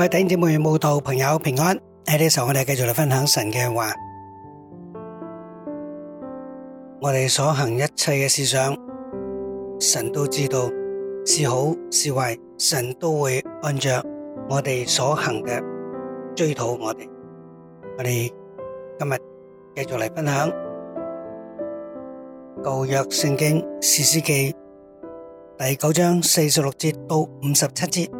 各位弟兄姊妹、信徒、朋友平安。喺呢時候，我哋繼續嚟分享神嘅話。我哋所行一切嘅事上，神都知道是好是壞，神都會按照我哋所行嘅追討我哋。我哋今日繼續嚟分享舊約聖經士師記第九章四十六節到五十七節。。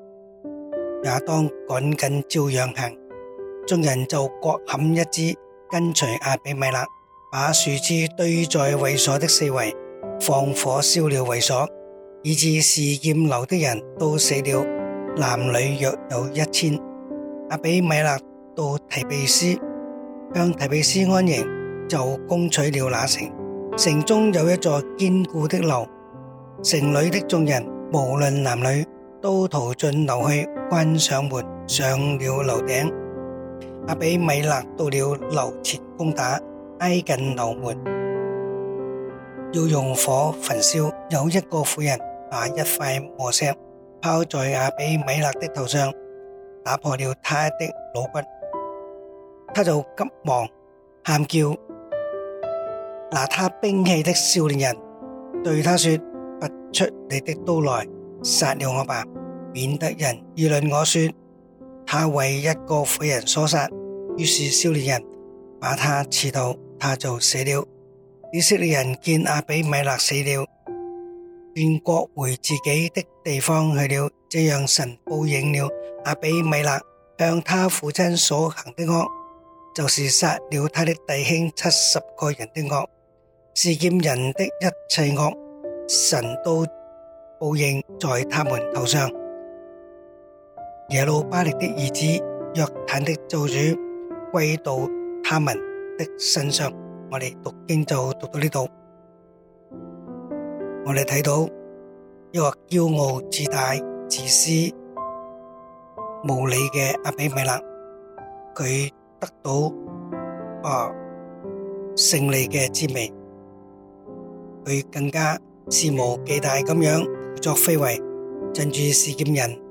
也當趕緊照樣行，眾人就各砍一枝，跟隨阿比米勒，把樹枝堆在衛所的四圍，放火燒了衛所，以致示劍樓的人都死了，男女約有一千。阿比米勒到提比斯，向提比斯安營，就攻取了那城，城中有一座堅固的樓，城裏的眾人無論男女，都逃進樓去。關上門，上了樓頂。阿比米勒到了樓前攻打，挨近樓門，要用火焚燒。有一個婦人把一塊磨石拋在阿比米勒的頭上，打破了他的腦骨，他就急忙喊叫。拿他兵器的少年人對他說：拔出你的刀來，殺了我吧！免得人議論。我說他為一個婦人所殺，於是少年人把他刺到，他就死了。以色列人見阿比米勒死了，便各回自己的地方去了。這樣神報應了阿比米勒向他父親所行的惡，就是殺了他的弟兄七十個人的惡，示劍人的一切惡，神都報應在他們頭上。耶路巴力的兒子約坦的咒詛歸到他們的身上，我哋讀經就讀到呢度。我哋睇到一個驕傲、自大、自私、無理嘅阿比米勒，佢得到啊勝利嘅滋味，佢更加肆無忌憚咁樣胡作非為，鎮住示劍人。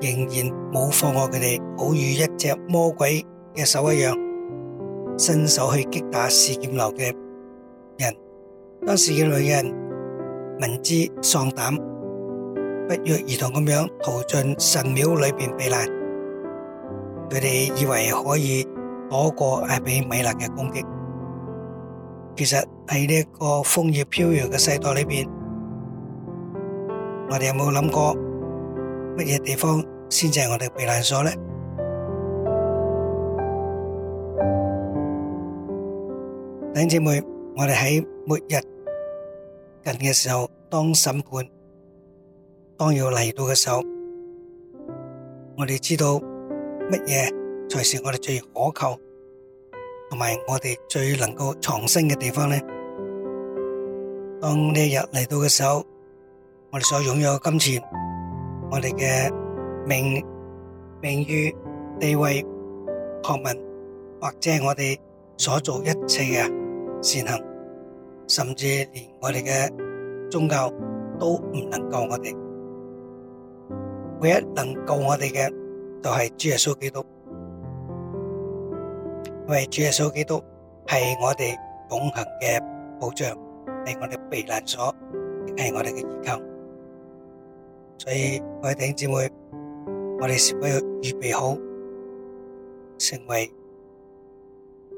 仍然冇放過佢哋，好似一隻魔鬼嘅手一樣，伸手去擊打示劍樓嘅人。當時嘅女人明知喪膽，不約而同咁樣逃進神廟裏邊避難。佢哋以為可以躲過阿比米勒嘅攻擊。其實喺呢個楓葉飄揚嘅世代裏邊，我哋有冇諗過？乜嘢地方先至係我哋嘅避難所咧？弟兄姊妹，我哋喺末日近嘅時候，當審判當要嚟到嘅時候，我哋知道乜嘢才是我哋最可靠，同埋我哋最能夠藏身嘅地方咧？當呢一日嚟到嘅時候，我哋所擁有嘅金錢。我哋嘅名、名譽、地位、學問，或者係我哋所做一切嘅善行，甚至連我哋嘅宗教都唔能夠我哋，唯一能夠我哋嘅就係主耶穌基督，因為主耶穌基督係我哋永恆嘅保障，係我哋避難所，係我哋嘅依靠。所以，各位弟兄姊妹，我哋是否要預備好，成為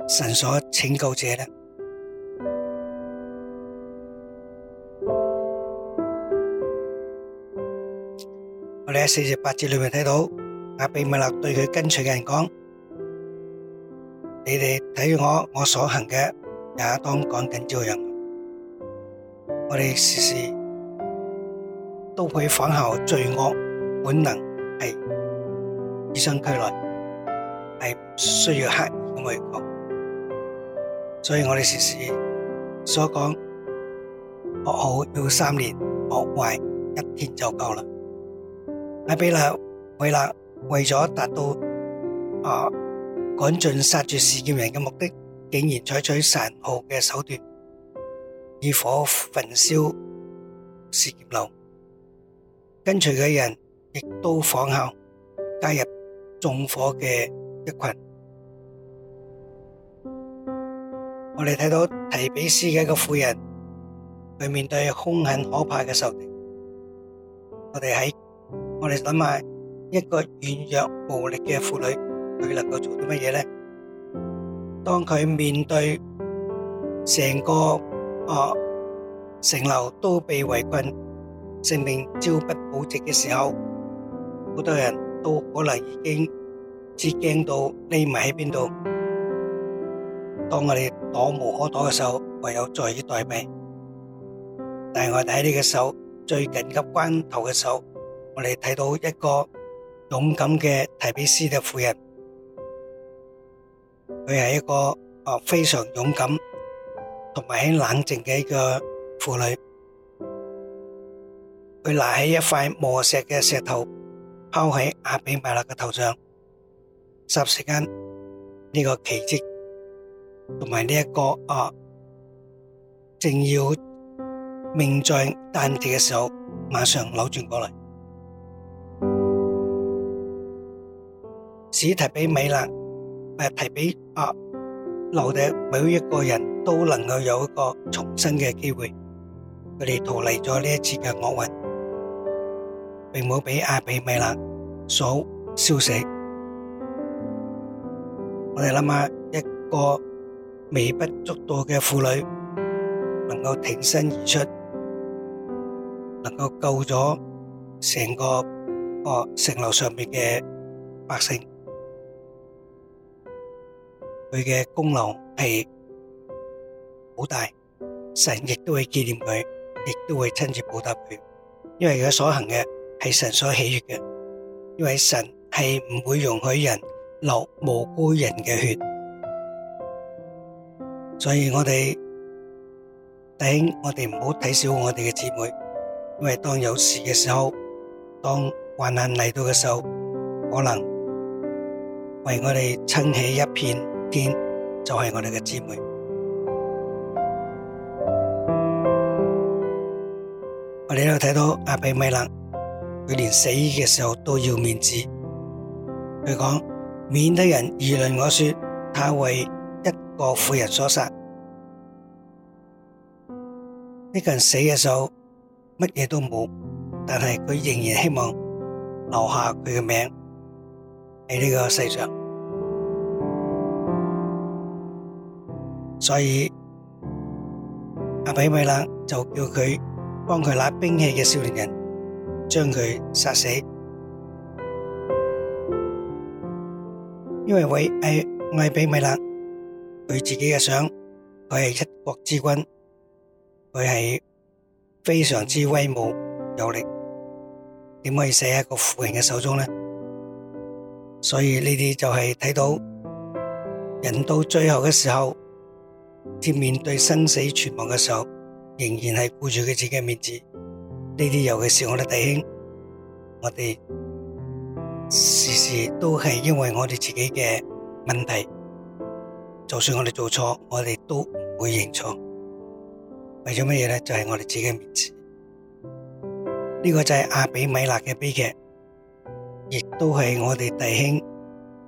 神所拯救者呢？我哋喺四至八節裏面睇到，亞比米勒對佢跟隨嘅人講：你哋睇住我，我所行嘅也當趕緊照樣行。我哋試試。都會仿效罪惡本能係與生俱來，係唔需要刻意咁去講。所以我哋時時所講，學好要三年，學壞一天就夠啦。亞比米勒為咗達到啊趕盡殺絕示劍人嘅目的，竟然採取殘酷嘅手段，以火焚燒示劍樓。跟隨嘅人亦都仿效，加入縱火嘅一群。我哋睇到提比斯嘅一個婦人，佢面對兇狠可怕嘅仇敵。我哋喺我哋諗下，一個軟弱無力嘅婦女，佢能夠做啲乜嘢呢？當佢面對成個誒城樓都被圍困，性命朝不？冇值嘅時候，好多人都可能已經知驚到匿埋喺邊度，當我哋躲無可躲嘅時候，唯有在於待命。但係我哋喺呢個時候，最緊急關頭嘅時候，我哋睇到一個勇敢嘅提比斯嘅婦人，佢係一個啊非常勇敢同埋喺冷靜嘅一個婦女。佢拿起一塊磨石嘅石頭，拋喺阿比米勒嘅頭上。霎時間，呢個奇蹟同埋呢一個啊，正要命在旦夕嘅時候，馬上扭轉過嚟。史提比米勒，誒提比啊留低每一個人都能夠有一個重生嘅機會，佢哋逃離咗呢一次嘅厄運。並冇俾阿比米勒所燒死。我哋諗下，一個微不足道嘅婦女，能夠挺身而出，能夠救咗成個哦城樓上面嘅百姓，佢嘅功勞係好大，神亦都會紀念佢，亦都會親自報答佢，因為佢所行嘅。係神所喜悅嘅，因為神係唔會容許人流無辜人嘅血，所以我哋頂我哋唔好睇小我哋嘅姊妹，因為當有事嘅時候，當患難嚟到嘅時候，可能為我哋撐起一片天，就係我哋嘅姊妹。我哋呢度睇到阿比米勒。佢連死嘅時候都要面子，佢講，免得人議論我說他為一個婦人所殺。呢個人死嘅時候乜嘢都冇，但係佢仍然希望留下佢嘅名喺呢個世上。所以阿比米勒就叫佢幫佢拿兵器嘅少年人，將佢殺死，因為偉愛亞比米勒，佢自己嘅想，佢係一國之君，佢係非常之威武有力，點可以死喺一個婦人嘅手中咧？所以呢啲就係睇到人到最後嘅時候，接面對生死存亡嘅時候，仍然係顧住佢自己嘅面子。呢啲尤其是我哋弟兄，我哋時時都係因為我哋自己嘅問題，就算我哋做錯，我哋都唔會認錯。為咗乜嘢咧？就係、是、我哋自己嘅面子。呢、這個就係阿比米勒嘅悲劇，亦都係我哋弟兄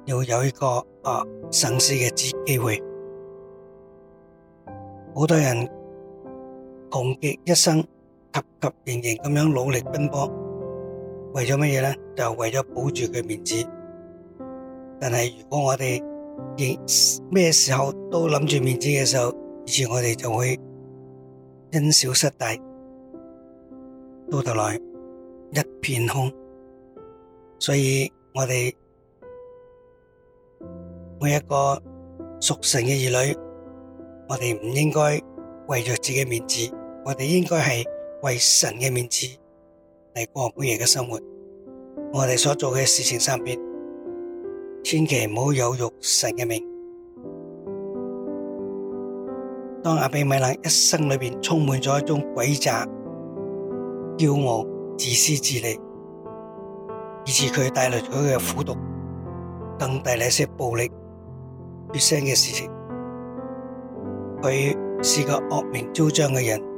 要有一個啊省思嘅機機會。好多人窮極一生。急急營營咁樣努力奔波，為咗乜嘢咧？就為咗保住佢面子。但係如果我哋咩時候都諗住面子嘅時候，以前我哋就會因小失大，到頭來一片空。所以我哋每一個屬神嘅兒女，我哋唔應該為着自己面子，我哋應該係。為神嘅面子嚟過半夜嘅生活，我哋所做嘅事情上邊，千祈唔好有辱神嘅名。當阿比米勒一生裏邊充滿咗一種詭詐、驕傲、自私自利，以致佢帶來咗佢嘅苦毒，更帶來一些暴力、血腥嘅事情。佢係個惡名昭彰嘅人。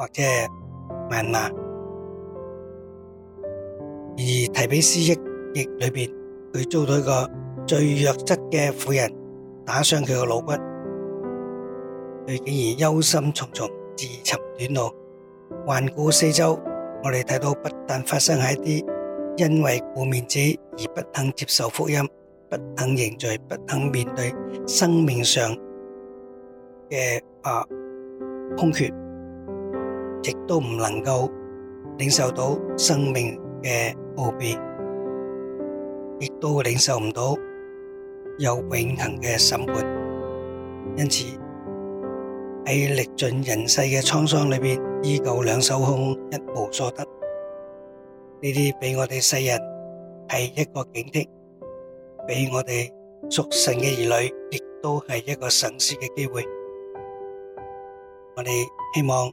或者萬難，而提比斯益益裏面，佢遭到一個最弱質嘅婦人打傷佢個腦骨，佢竟然憂心忡忡，自尋短路。環顧四周，我哋睇到不但發生喺啲因為顧面子而不肯接受福音、不肯認罪、不肯面對生命上嘅啊空缺。亦都唔能夠領受到生命嘅告別，亦都領受唔到有永恒嘅審判，因此喺歷盡人世嘅滄桑裏邊，依舊兩手空空，一無所得。呢啲俾我哋世人係一個警惕，俾我哋屬神嘅兒女，亦都係一個省思嘅機會。我哋希望。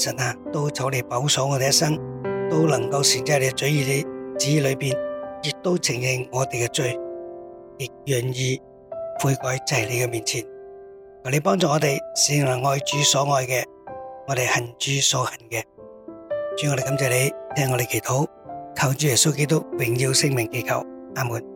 神啊，都走嚟保守我哋一生，都能夠善在你嘅旨意裏，旨意裏邊亦都承認我哋嘅罪，亦願意悔改在你嘅面前。求你幫助我哋善行愛主所愛嘅，我哋恨主所恨嘅。主，我哋感謝你聽我哋祈禱，靠主耶穌基督榮耀聖名祈求，阿門。